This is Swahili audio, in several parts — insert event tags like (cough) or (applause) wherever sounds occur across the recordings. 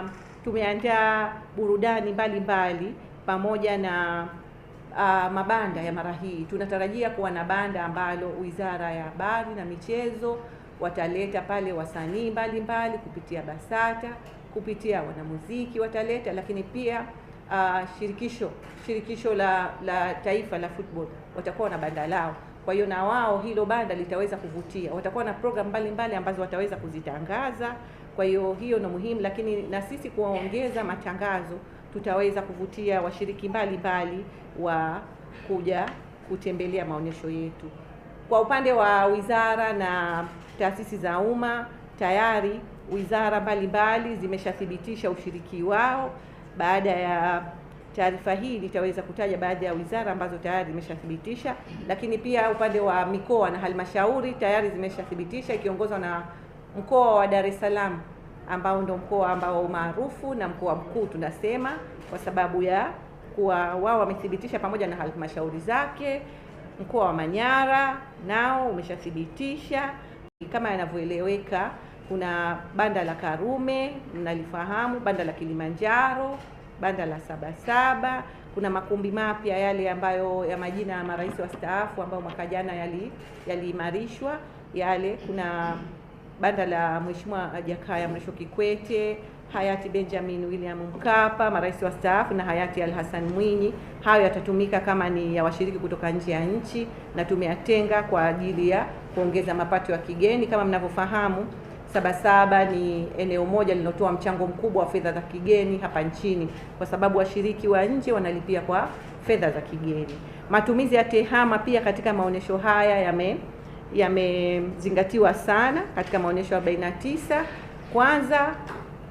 Um, tumeandaa burudani mbalimbali mbali, pamoja na uh, mabanda ya mara hii. Tunatarajia kuwa na banda ambalo Wizara ya Habari na Michezo wataleta pale wasanii mbalimbali kupitia BASATA, kupitia wanamuziki wataleta, lakini pia uh, shirikisho shirikisho la, la taifa la football watakuwa na banda lao. Kwa hiyo na wao hilo banda litaweza kuvutia, watakuwa na programu mbalimbali ambazo wataweza kuzitangaza. Kwa hiyo hiyo ni muhimu, lakini na sisi kuwaongeza matangazo tutaweza kuvutia washiriki mbalimbali wa kuja kutembelea maonyesho yetu. Kwa upande wa wizara na taasisi za umma, tayari wizara mbalimbali zimeshathibitisha ushiriki wao. Baada ya taarifa hii, nitaweza kutaja baadhi ya wizara ambazo tayari zimeshathibitisha, lakini pia upande wa mikoa na halmashauri tayari zimeshathibitisha ikiongozwa na Mkoa wa Dar es Salaam ambao ndio mkoa ambao maarufu na mkoa mkuu tunasema, kwa sababu ya kuwa wao wamethibitisha pamoja na halmashauri zake. Mkoa wa Manyara nao umeshathibitisha kama yanavyoeleweka. Kuna banda la Karume mnalifahamu, banda la Kilimanjaro, banda la Sabasaba. Kuna makumbi mapya yale ambayo ya majina ya marais wastaafu ambao mwaka jana yaliimarishwa yali yale, kuna banda la Mheshimiwa Jakaya Mrisho Kikwete, hayati Benjamin William Mkapa, marais wastaafu, na hayati al Hassan Mwinyi. Hayo yatatumika kama ni ya washiriki kutoka nje ya nchi, na tumeyatenga kwa ajili ya kuongeza mapato ya kigeni. Kama mnavyofahamu, Sabasaba ni eneo moja lililotoa mchango mkubwa wa fedha za kigeni hapa nchini, kwa sababu washiriki wa nje wanalipia kwa fedha za kigeni. Matumizi ya tehama pia katika maonyesho haya yame yamezingatiwa sana katika maonyesho ya 49 kwanza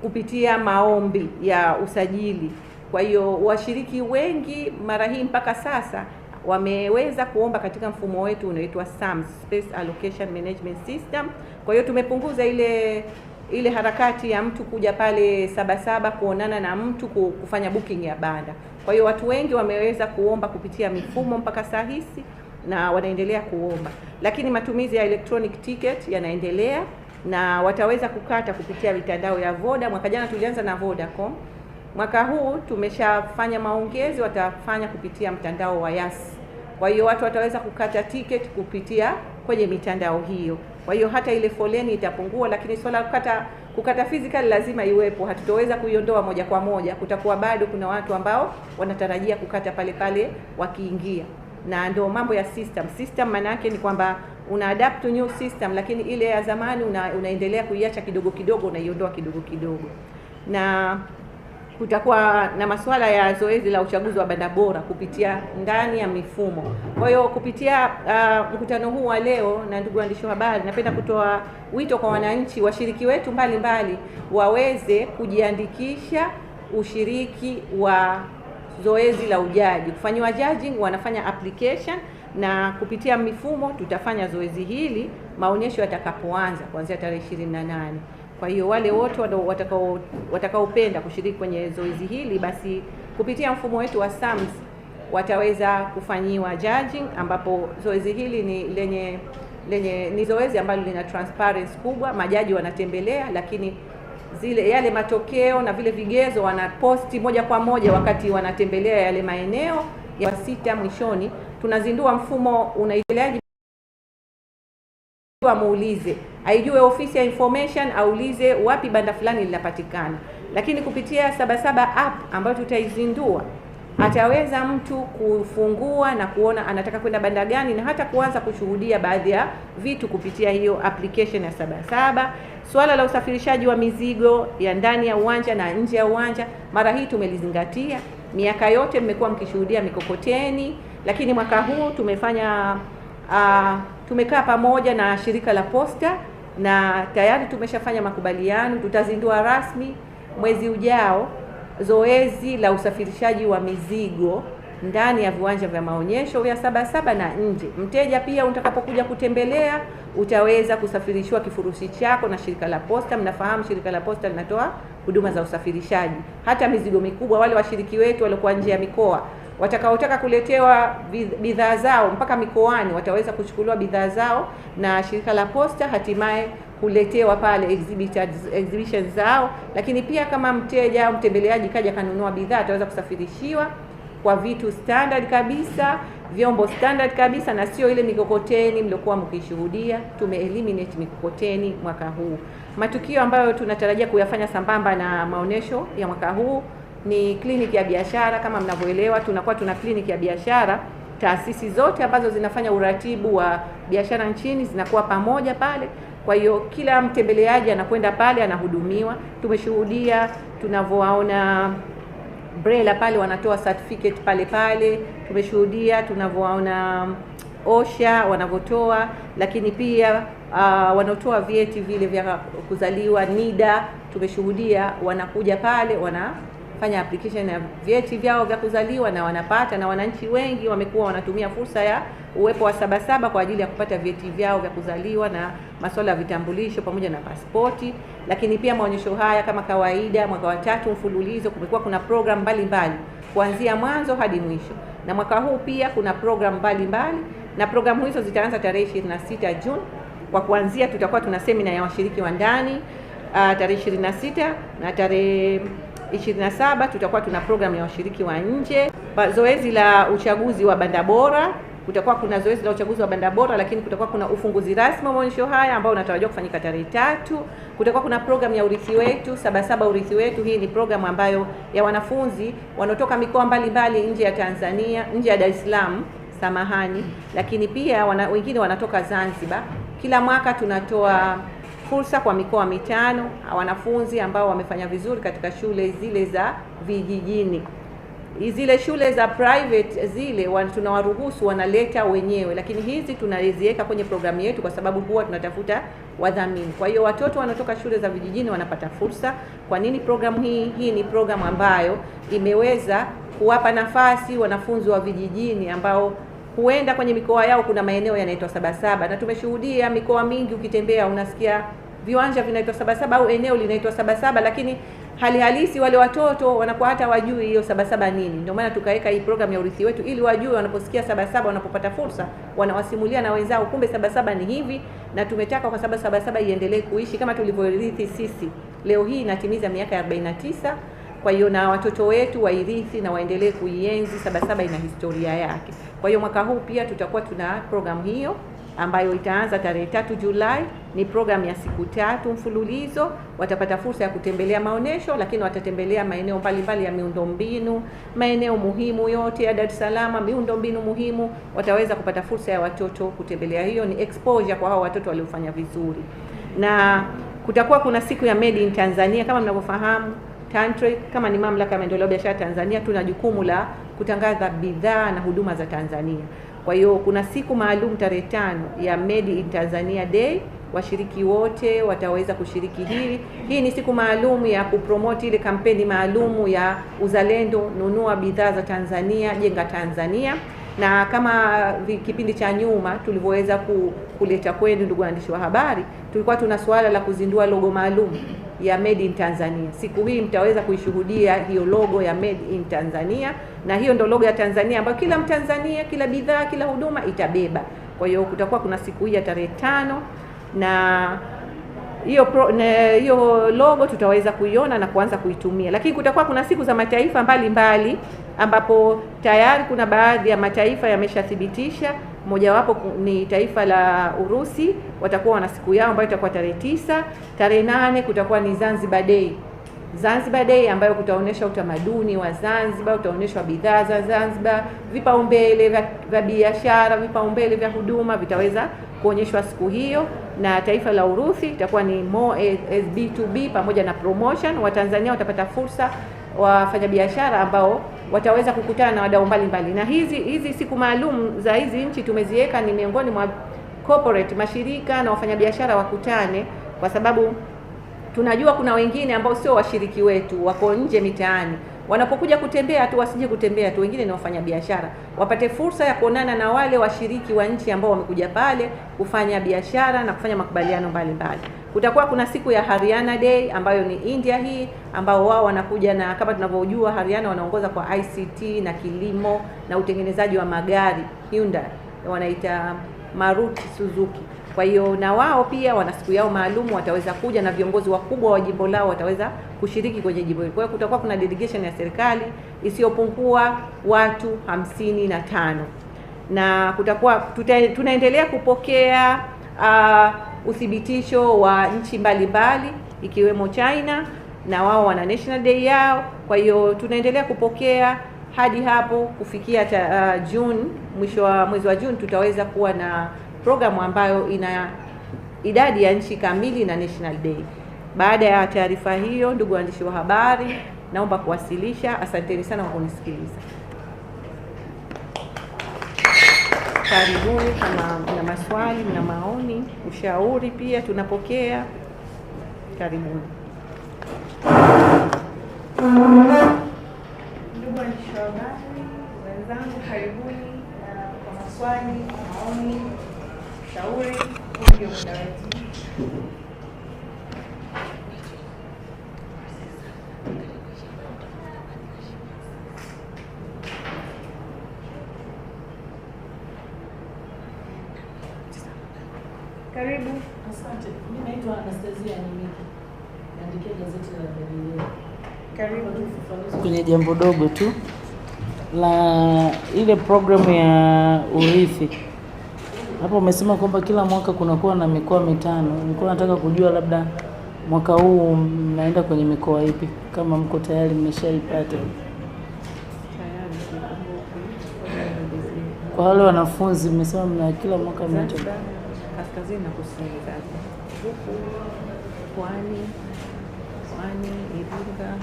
kupitia maombi ya usajili. Kwa hiyo washiriki wengi mara hii mpaka sasa wameweza kuomba katika mfumo wetu unaoitwa SAM, Space Allocation Management System. Kwa hiyo tumepunguza ile ile harakati ya mtu kuja pale Sabasaba kuonana na mtu kufanya booking ya banda. Kwa hiyo watu wengi wameweza kuomba kupitia mifumo mpaka saa hisi na wanaendelea kuomba, lakini matumizi ya electronic ticket yanaendelea na wataweza kukata kupitia mitandao ya Voda. Mwaka jana tulianza na Vodacom, mwaka huu tumeshafanya maongezi, watafanya kupitia mtandao wa Yas. Kwa hiyo watu wataweza kukata ticket kupitia kwenye mitandao hiyo, kwa hiyo hata ile foleni itapungua, lakini swala kukata kukata physical lazima iwepo, hatutoweza kuiondoa moja kwa moja. Kutakuwa bado kuna watu ambao wanatarajia kukata pale pale wakiingia na ndio mambo ya system. System maana yake ni kwamba una adapt to new system, lakini ile ya zamani una, unaendelea kuiacha kidogo kidogo, unaiondoa kidogo kidogo. Na kutakuwa na masuala ya zoezi la uchaguzi wa banda bora kupitia ndani ya mifumo. Kwa hiyo kupitia uh, mkutano huu wa leo na ndugu waandishi wa habari, napenda kutoa wito kwa wananchi, washiriki wetu mbalimbali mbali, waweze kujiandikisha ushiriki wa zoezi la ujaji, kufanyiwa judging, wanafanya application na kupitia mifumo tutafanya zoezi hili maonyesho yatakapoanza kuanzia tarehe 28. Kwa hiyo wale wote watakaopenda kushiriki kwenye zoezi hili basi kupitia mfumo wetu wa SAMS wataweza kufanyiwa judging, ambapo zoezi hili ni lenye lenye ni zoezi ambalo lina transparency kubwa, majaji wanatembelea, lakini zile yale matokeo na vile vigezo wanaposti moja kwa moja wakati wanatembelea yale maeneo ya sita. Mwishoni tunazindua mfumo unaiteleaji muulize, aijue ofisi ya information, aulize wapi banda fulani linapatikana. Lakini kupitia Sabasaba app ambayo tutaizindua ataweza mtu kufungua na kuona anataka kwenda banda gani na hata kuanza kushuhudia baadhi ya vitu kupitia hiyo application ya Sabasaba. Swala la usafirishaji wa mizigo ya ndani ya uwanja na nje ya uwanja, mara hii tumelizingatia. Miaka yote mmekuwa mkishuhudia mikokoteni, lakini mwaka huu tumefanya uh, tumekaa pamoja na shirika la Posta na tayari tumeshafanya makubaliano, tutazindua rasmi mwezi ujao zoezi la usafirishaji wa mizigo ndani ya viwanja vya maonyesho vya Sabasaba na nje. Mteja pia utakapokuja kutembelea utaweza kusafirishiwa kifurushi chako na shirika la posta. Mnafahamu shirika la posta linatoa huduma za usafirishaji hata mizigo mikubwa. Wale washiriki wetu waliokuwa nje ya mikoa watakaotaka kuletewa bidhaa zao mpaka mikoani wataweza kuchukuliwa bidhaa zao na shirika la posta, hatimaye kuletewa pale exhibition zao, lakini pia kama mteja au mtembeleaji kaja kanunua bidhaa ataweza kusafirishiwa kwa vitu standard kabisa, vyombo standard kabisa, na sio ile mikokoteni mliokuwa mkishuhudia. Tume eliminate mikokoteni mwaka huu. Matukio ambayo tunatarajia kuyafanya sambamba na maonyesho ya mwaka huu ni kliniki ya biashara. Kama mnavyoelewa, tunakuwa tuna kliniki ya biashara taasisi zote ambazo zinafanya uratibu wa biashara nchini zinakuwa pamoja pale. Kwa hiyo kila mtembeleaji anakwenda pale anahudumiwa. Tumeshuhudia tunavyowaona BRELA pale wanatoa certificate pale pale, tumeshuhudia tunavyowaona OSHA wanavyotoa, lakini pia uh, wanaotoa vyeti vile vya kuzaliwa NIDA tumeshuhudia wanakuja pale wana wanafanya application ya vyeti vyao vya kuzaliwa na wanapata, na wananchi wengi wamekuwa wanatumia fursa ya uwepo wa Sabasaba kwa ajili ya kupata vyeti vyao vya kuzaliwa na masuala ya vitambulisho pamoja na pasipoti. Lakini pia maonyesho haya kama kawaida, mwaka wa tatu mfululizo kumekuwa kuna program mbalimbali kuanzia mwanzo hadi mwisho, na mwaka huu pia kuna program mbalimbali, na programu hizo zitaanza tarehe 26 Juni. Kwa kuanzia, tutakuwa tuna semina ya washiriki wa ndani ah, tarehe 26 na tarehe 27 tutakuwa tuna programu ya washiriki wa nje, zoezi la uchaguzi wa banda bora kutakuwa kuna zoezi la uchaguzi wa banda bora, lakini kutakuwa kuna ufunguzi rasmi wa maonyesho haya ambao unatarajiwa kufanyika tarehe tatu. Kutakuwa kuna programu ya urithi wetu Sabasaba urithi wetu. Hii ni programu ambayo ya wanafunzi wanaotoka mikoa mbalimbali nje ya Tanzania, nje ya Dar es Salaam, samahani, lakini pia wana, wengine wanatoka Zanzibar. Kila mwaka tunatoa fursa kwa mikoa mitano wanafunzi ambao wamefanya vizuri katika shule zile za vijijini. Zile shule za private zile tunawaruhusu wanaleta wenyewe, lakini hizi tunaziweka kwenye programu yetu kwa sababu huwa tunatafuta wadhamini. Kwa hiyo watoto wanaotoka shule za vijijini wanapata fursa. Kwa nini programu hii? Hii ni programu ambayo imeweza kuwapa nafasi wanafunzi wa vijijini ambao huenda kwenye mikoa yao kuna maeneo yanaitwa Sabasaba, na tumeshuhudia mikoa mingi, ukitembea unasikia viwanja vinaitwa Sabasaba au eneo linaitwa Sabasaba, lakini hali halisi wale watoto wanakuwa hata wajui hiyo Sabasaba nini. Ndio maana tukaweka hii program ya urithi wetu, ili wajue wanaposikia Sabasaba, wanapopata fursa, wanawasimulia na wenzao, kumbe Sabasaba ni hivi. Na tumetaka kwa sababu Sabasaba iendelee kuishi kama tulivyorithi sisi. Leo hii inatimiza miaka 49, kwa hiyo na watoto wetu wairithi na waendelee kuienzi. Sabasaba ina historia yake. Kwa hiyo mwaka huu pia tutakuwa tuna program hiyo ambayo itaanza tarehe tatu Julai. Ni programu ya siku tatu mfululizo. Watapata fursa ya kutembelea maonyesho, lakini watatembelea maeneo mbalimbali ya miundombinu, maeneo muhimu yote ya Dar es Salaam, miundombinu muhimu. Wataweza kupata fursa ya watoto kutembelea. Hiyo ni exposure kwa hao watoto waliofanya vizuri, na kutakuwa kuna siku ya Made in Tanzania kama mnavyofahamu Tantric, kama ni mamlaka ya maendeleo ya biashara Tanzania, tuna jukumu la kutangaza bidhaa na huduma za Tanzania. Kwa hiyo kuna siku maalum tarehe tano ya Made in Tanzania Day, washiriki wote wataweza kushiriki hili. Hii ni siku maalum ya kupromote ile kampeni maalumu ya uzalendo, nunua bidhaa za Tanzania, jenga Tanzania na kama kipindi cha nyuma tulivyoweza kuleta kwenu, ndugu waandishi wa habari, tulikuwa tuna suala la kuzindua logo maalum ya made in Tanzania. Siku hii mtaweza kuishuhudia hiyo logo ya made in Tanzania, na hiyo ndo logo ya Tanzania ambayo kila Mtanzania, kila bidhaa, kila huduma itabeba. Kwa hiyo kutakuwa kuna siku hii ya tarehe tano na hiyo hiyo logo tutaweza kuiona na kuanza kuitumia, lakini kutakuwa kuna siku za mataifa mbalimbali mbali, ambapo tayari kuna baadhi ya mataifa yameshathibitisha mojawapo ni taifa la Urusi, watakuwa wana siku yao ambayo itakuwa tarehe tisa. Tarehe nane kutakuwa ni Zanzibar Day, Zanzibar Day ambayo kutaonyesha utamaduni wa Zanzibar, utaonyeshwa bidhaa za Zanzibar, vipaumbele vya, vya biashara, vipaumbele vya huduma vitaweza kuonyeshwa siku hiyo. Na taifa la Urusi itakuwa ni more as B2B pamoja na promotion. Watanzania watapata fursa wafanyabiashara ambao wataweza kukutana na wadau mbalimbali, na hizi hizi siku maalum za hizi nchi tumeziweka ni miongoni mwa corporate mashirika na wafanyabiashara wakutane, kwa sababu tunajua kuna wengine ambao sio washiriki wetu, wako nje mitaani. Wanapokuja kutembea tu, wasije kutembea tu, wengine ni wafanyabiashara, wapate fursa ya kuonana na wale washiriki wa nchi ambao wamekuja pale kufanya biashara na kufanya makubaliano mbalimbali mbali. Kutakuwa kuna siku ya Haryana Day ambayo ni India hii, ambao wao wanakuja na kama tunavyojua Haryana wanaongoza kwa ICT na kilimo na utengenezaji wa magari Hyundai, wanaita Maruti Suzuki. Kwa hiyo na wao pia wana siku yao maalum, wataweza kuja na viongozi wakubwa wa jimbo lao wataweza kushiriki kwenye jimbo hili. Kwa hiyo kutakuwa kuna delegation ya serikali isiyopungua watu hamsini na tano na kutakuwa tuta, tunaendelea kupokea uh, uthibitisho wa nchi mbalimbali ikiwemo China na wao wana national day yao. Kwa hiyo tunaendelea kupokea hadi hapo kufikia ta, uh, June mwisho wa mwezi wa June tutaweza kuwa na programu ambayo ina idadi ya nchi kamili na national day. Baada ya taarifa hiyo, ndugu waandishi wa habari, naomba kuwasilisha. Asanteni sana kwa kunisikiliza. Karibuni kama mna maswali, mna maoni, ushauri pia tunapokea. Karibuni. Ndugu waandishi wa habari wenzangu, karibuni kwa maswali, maoni, ushauri. Huu ndio muda wetu. kwenye jambo dogo tu la ile programu ya urithi. Hapo umesema kwamba kila mwaka kunakuwa na mikoa mitano. Nilikuwa nataka kujua labda mwaka huu mnaenda kwenye mikoa ipi, kama mko tayari mmeshaipata. Kwa wale wanafunzi mmesema mna kila mwaka mmoja kaskazini na kusini, Pwani Pwani, Iringa,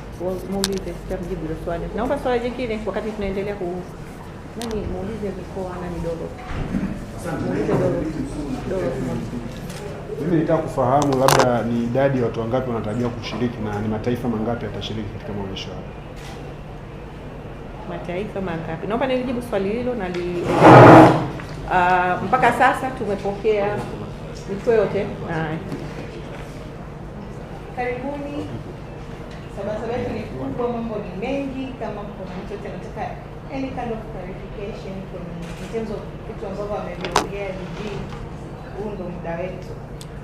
muulize Sita hilo swali. Naomba swali jingine wakati tunaendelea ku nani, muulize mikoa na dogo. Mimi nitaka kufahamu labda ni idadi ya watu wangapi wanatarajiwa kushiriki na ni mataifa mangapi yatashiriki katika maonyesho hayo? Mataifa mangapi? Naomba nilijibu swali hilo na li, uh, (coughs) mpaka sasa tumepokea mikoa yote. Karibuni sababu yetu ni kubwa, mambo ni mengi. Kama kuna mtu yote anataka any kind of clarification from in terms of vitu ambavyo ameviongea vijii, huu ndo muda wetu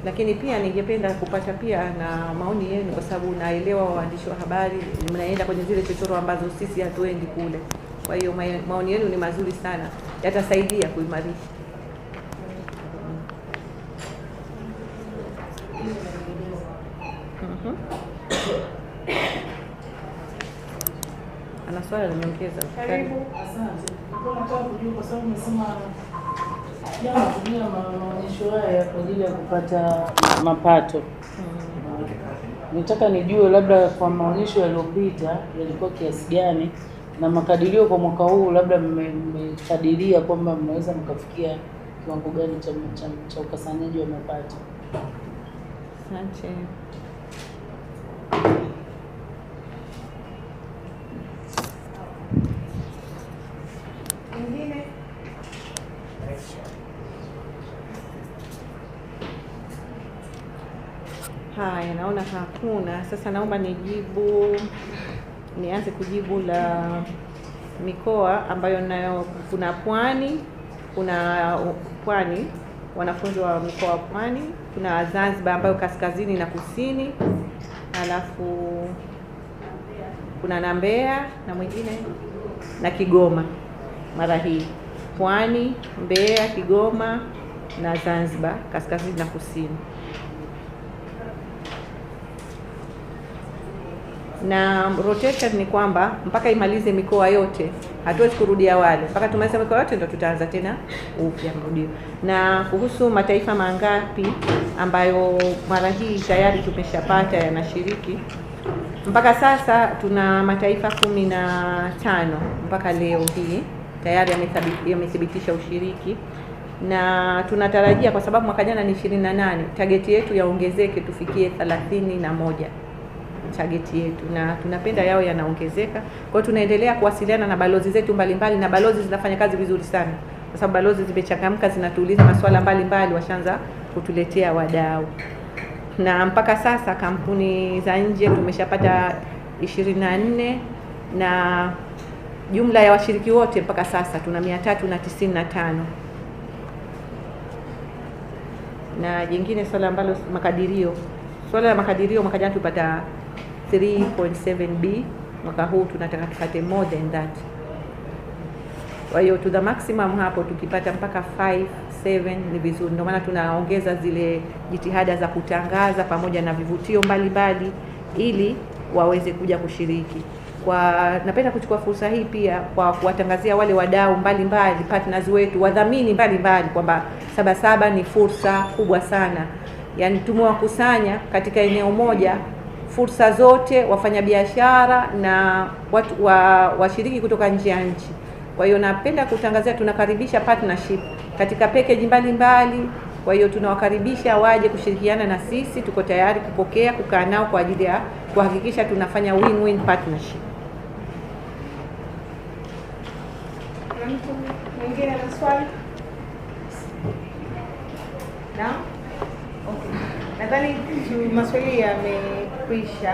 lakini pia ningependa kupata pia na maoni yenu, kwa sababu naelewa waandishi wa habari mnaenda kwenye zile chochoro ambazo sisi hatuendi kule. Kwa hiyo maoni yenu ni mazuri sana, yatasaidia kuimarisha swali limeongeza. Karibu. Asante. Nataka kujua kwa sababu umesema maonyesho haya kwa ajili ya kupata mapato. Mm. nataka nijue labda kwa maonyesho yaliyopita yalikuwa kiasi gani na makadirio kwa mwaka huu, labda mmekadiria kwamba mnaweza mkafikia kiwango gani cha, cha, cha wa mapato? Asante. haya naona hakuna. Sasa naomba nijibu, nianze kujibu la mikoa ambayo nayo, kuna Pwani, kuna Pwani, wanafunzi wa mkoa wa Pwani, kuna Zanzibar ambayo kaskazini na kusini, alafu kuna na Mbeya na mwingine na Kigoma. Mara hii Pwani, Mbeya, Kigoma na Zanzibar kaskazini na kusini. na rotation ni kwamba mpaka imalize mikoa yote, hatuwezi kurudia wale mpaka tumalize mikoa yote, ndo tutaanza tena upya mrudio. Na kuhusu mataifa mangapi ambayo mara hii tayari tumeshapata yanashiriki mpaka sasa, tuna mataifa kumi na tano mpaka leo hii tayari yamethibitisha ushiriki na tunatarajia kwa sababu mwaka jana ni 28, tageti yetu yaongezeke tufikie thelathini na moja target yetu na tunapenda yao yanaongezeka. Kwa hiyo tunaendelea kuwasiliana na balozi zetu mbalimbali, na balozi zinafanya kazi vizuri sana, kwa sababu balozi zimechangamka, zinatuuliza masuala mbalimbali, washaanza kutuletea wadau, na mpaka sasa kampuni za nje tumeshapata 24 na jumla ya washiriki wote mpaka sasa tuna 395 na jingine swala ambalo makadirio, swala la makadirio mwaka jana tupata 3.7b. Mwaka huu tunataka tupate more than that. Kwa hiyo to the maximum hapo tukipata mpaka 5 7 ni vizuri. Ndio maana tunaongeza zile jitihada za kutangaza pamoja na vivutio mbalimbali ili waweze kuja kushiriki. Kwa napenda kuchukua fursa hii pia kwa kuwatangazia wale wadau mbalimbali, partners wetu, wadhamini mbalimbali kwamba Sabasaba ni fursa kubwa sana, yaani tumewakusanya katika eneo moja fursa zote, wafanyabiashara na watu wa washiriki kutoka nje ya nchi. Kwa hiyo napenda kutangazia, tunakaribisha partnership katika package mbalimbali. Kwa hiyo tunawakaribisha waje kushirikiana na sisi, tuko tayari kupokea, kukaa nao kwa ajili ya kuhakikisha tunafanya win-win partnership. okay. Nadhani maswali yame kuisha.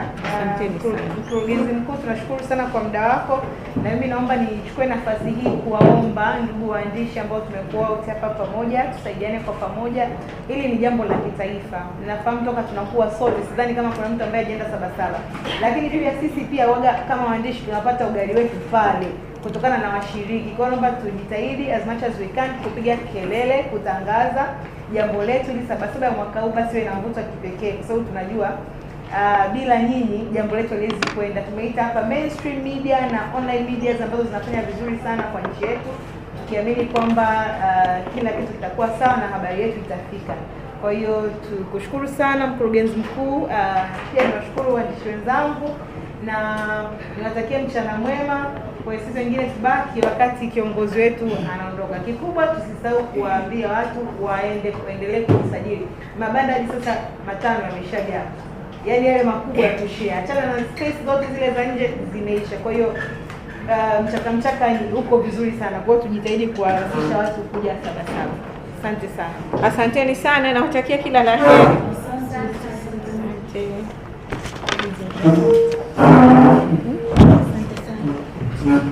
Uh, mkurugenzi mkuu, tunashukuru sana kwa muda wako, na mimi naomba nichukue nafasi hii kuwaomba ndugu waandishi ambao tumekuwa wote hapa pamoja, tusaidiane kwa pamoja. ili ni jambo la kitaifa, nafahamu toka tunakuwa sote, sidhani kama kuna mtu ambaye ajenda Sabasaba, lakini pia sisi pia waga kama waandishi tunapata ugali wetu pale kutokana na washiriki. Kwa naomba tujitahidi as much as we can kupiga kelele, kutangaza jambo letu ili Sabasaba ya mwaka huu basi iwe na mvuto wa kipekee, kwa sababu tunajua uh, bila nyinyi jambo letu haliwezi kwenda. Tumeita hapa mainstream media na online media ambazo zinafanya vizuri sana kwa nchi yetu, tukiamini kwamba uh, kila kitu kitakuwa sawa na habari yetu itafika. Kwa hiyo tukushukuru sana mkurugenzi mkuu, ah, pia uh, tunashukuru waandishi wenzangu na tunatakia mchana mwema. Kwa sisi wengine tubaki wakati kiongozi wetu anaondoka. Kikubwa tusisahau kuwaambia watu waende kuendelea kusajili mabanda. Hadi sasa matano yameshajaa yani yale makubwa ya kushare, achana na space zote zile za nje zimeisha. Kwa hiyo uh, mchaka mchaka uko vizuri sana, kwa hiyo tujitahidi kuwahamasisha watu kuja Sabasaba. Asante sana, asanteni sana, nawatakia kila la heri. Asante.